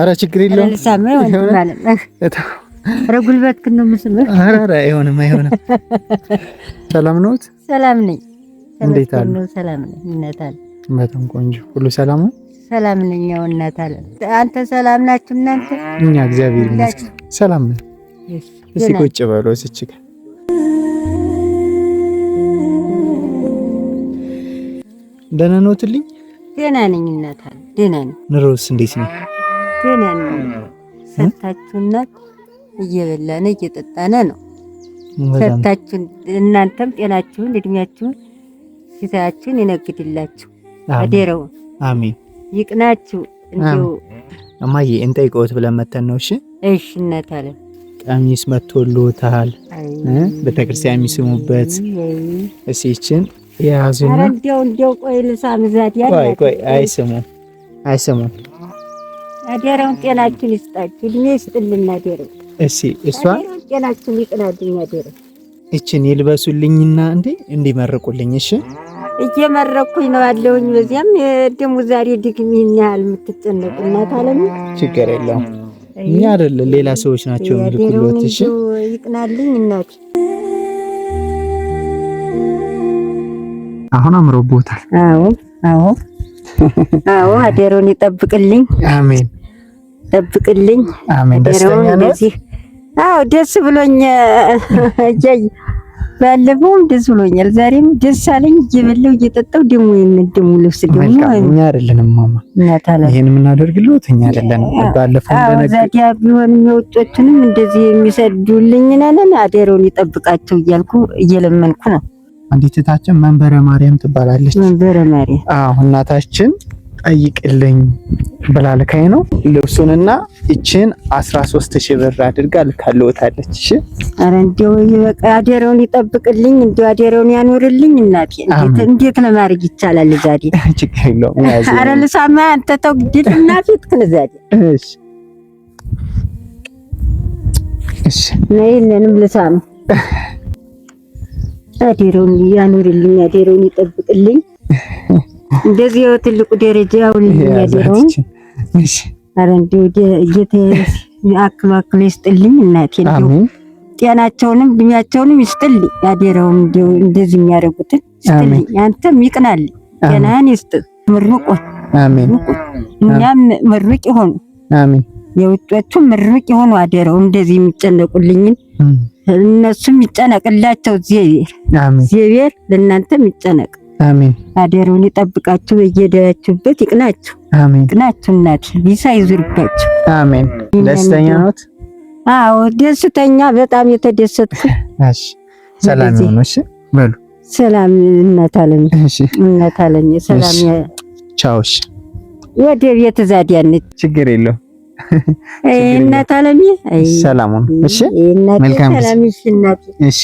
አረ ችግር የለውም ጉልበት አይሆንም አይሆንም። ሰላም ነዎት? ሰላም ነኝ። እንዴት አሉ? ሰላም ነኝ። በጣም ቆንጆ። ሁሉ ሰላም ነው? ሰላም ነኝ። ያው እናት አለ። አንተ ሰላም ናችሁ እናንተ? እኛ እግዚአብሔር ይመስገን ሰላም ነን። እስኪ ቁጭ በሉ እስኪ ደህና ነዎትልኝ? ደህና ነኝ እናታል። ደህና ነኝ። ኑሮስ እንዴት ነው? ደህና ነኝ። ሰርታችሁናል፣ እየበላን እየጠጣን ነው። ሰታችሁ እናንተም ጤናችሁን እድሜያችሁን ፊታችሁን ይነግድላችሁ። አደረው አሜን። ይቅናችሁ። እንዲሁ እማዬ እንጠይቀዎት ብለን መተን ነው። እሺ እሺ። እናታል ቀሚስ መቶሎታል። ቤተክርስቲያን የሚስሙበት እሺ። ይችን ያዙና እንዲያው እንዲያው ቆይ ልሳም ዛት ያለ ቆይ ቆይ አይስሙም አይስሙም። አደራውን ጤናችን ይስጣችሁ፣ እድሜ ይስጥልን። አደራው እሺ፣ እሷ ጤናችን ይቅናልኝ። አደራው እችን ይልበሱልኝና እንዴ እንዲመርቁልኝ። እሺ፣ እየመረኩኝ ነው ያለውኝ። በዚያም ደግሞ ዛሬ ድግም ያህል የምትጨነቁ እናት አለም ችግር የለውም። እኛ አይደለም ሌላ ሰዎች ናቸው የሚልኩልዎት። እሺ፣ ይቅናልኝ እናት አሁን አምሮቦታል። አዎ አዎ አዎ። አደረውን ይጠብቅልኝ። አሜን። ጠብቅልኝ። አሜን። ደስተኛ ነው። አዎ ደስ ብሎኝ እያየ ባለፈውም ደስ ብሎኛል። ዛሬም ደስ አለኝ። እየበላሁ እየጠጣሁ ደሞ ይሄንን ደሞ ልብስ ደሞ እኛ አይደለንም ማማ፣ ይሄን የምናደርግልዎት እኛ አይደለንም። ባለፈው እንደነገ ዛዲያ ቢሆን የሚወጡትንም እንደዚህ የሚሰዱልኝ ነን። አደረውን ይጠብቃቸው እያልኩ እየለመንኩ ነው። አንዲት እህታችን መንበረ ማርያም ትባላለች። መንበረ ማርያም አዎ፣ እናታችን ጠይቅልኝ ብላ ልካኝ ነው። ልብሱንና ይችን ሺህ ብር አድርጋ ልካልወታለች። እሺ፣ አረ እንደው ይበቃ፣ አደረውን ይጠብቅልኝ፣ እንደው አደረውን ያኖርልኝ። እናቴ እንዴት ነው ማድረግ ይቻላል? ዛዴ ችግር የለውም። አረ ልሳማ አንተ ተው ግድ እናቴ ትክል ዛዴ። እሺ፣ እሺ፣ ነይልንም ልሳማ አደረውን ያኑርልኝ፣ አደረውን ይጠብቅልኝ። እንደዚህ ያው ትልቁ ደረጃ ያውልልኝ አደረውን። ኧረ እንደው ጌታ አክሎ አክሎ ይስጥልኝ እናቴ፣ ጤናቸውንም እድሜያቸውንም ይስጥልኝ። አደረውን እንደው እንደዚህ የሚያደርጉትን ይስጥልኝ። አንተም ይቅናልኝ፣ ጤናህን ይስጥ። ምሩቆን እኛም ምሩቅ ይሆኑ፣ የውጮቹም ምሩቅ ይሆኑ። አደረው እንደዚህ የሚጨነቁልኝን እነሱም ይጨነቅላቸው እግዚአብሔር እግዚአብሔር ለእናንተም ይጨነቅ። አሜን። አደሩን ይጠብቃችሁ፣ በየደያችሁበት ይቅናችሁ። አሜን። ይቅናችሁ እናት ቢሳ ይዙርባችሁ። አሜን። ደስተኛ ነዎት? አዎ ደስተኛ፣ በጣም የተደሰትኩ። እሺ፣ ሰላም ነው። እሺ በሉ ሰላም እናት አለኝ። እሺ እናት አለኝ። ሰላም ቻውሽ። ወደ ቤት ዛዲያ ነች። ችግር የለውም። እናት አለምዬ ሰላሙን። እሺ መልካም። እሺ